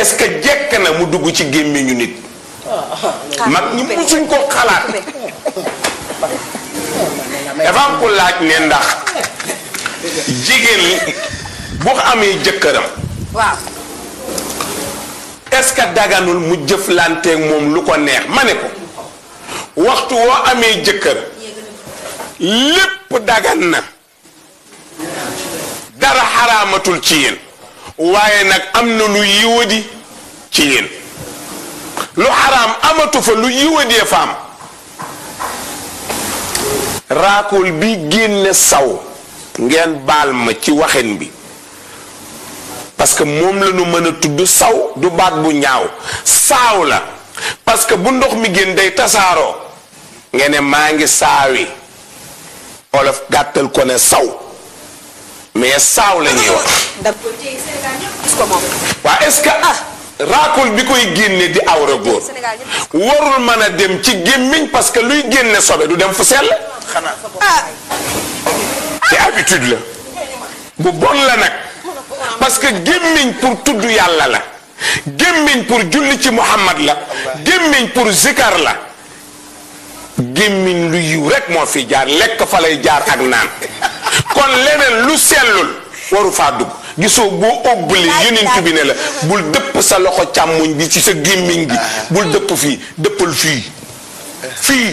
est-ce que jekk na mu dugg ci gémmiñu nit mag ñi musuñ ko xalaat dafa am ne ndax jigéen bu amee jëkkëram waaw ce que daganul mu jëflanteeg moom lu ko neex ma ne ko waxtu woo amee jëkkër lépp dagan na dara xaraamatul ci yéen waaye nag am na lu yiwadi ci yéen lu xaraam amatu fa lu yiwadee fa am bi génne saw ngeen baal ma ci waxin bi parce que moom la mën a tudd saw du baat bu ñaaw saaw la parce que bu ndox mi génn day tasaaroo ngeen ne maa ngi saawi olof gàttal ko ne saw mais saaw la ñuy wax ko moom. waaw ce que ah. bi koy génne di awra warul mën a dem ci gémmiñ parce que luy génne sobe du dem fu sell. xanaa ah. te habitude la. bu bon la nag. parce que gémmiñ pour tudd yàlla la. gémmiñ pour julli ci Muhammad la. gémmiñ pour zikar la. gémmiñ lu yiw rek moo fi jaar lekk fa lay jaar ak naan. kon leneen lu sellul. waru faa dugg gisoo boo óbbali yeneen bi ne la bul dëpp sa loxo càmmuñ bi ci sa gémmiñ gi bul dëpp fii dëppal fii fii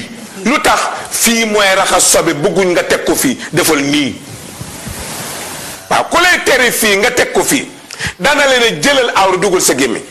lu tax fii mooy raxas sobe bëgguñ nga teg ko fii defal nii waaw ku lay tere fii nga teg ko fii dana leen jëlal awra dugal sa gémmiñ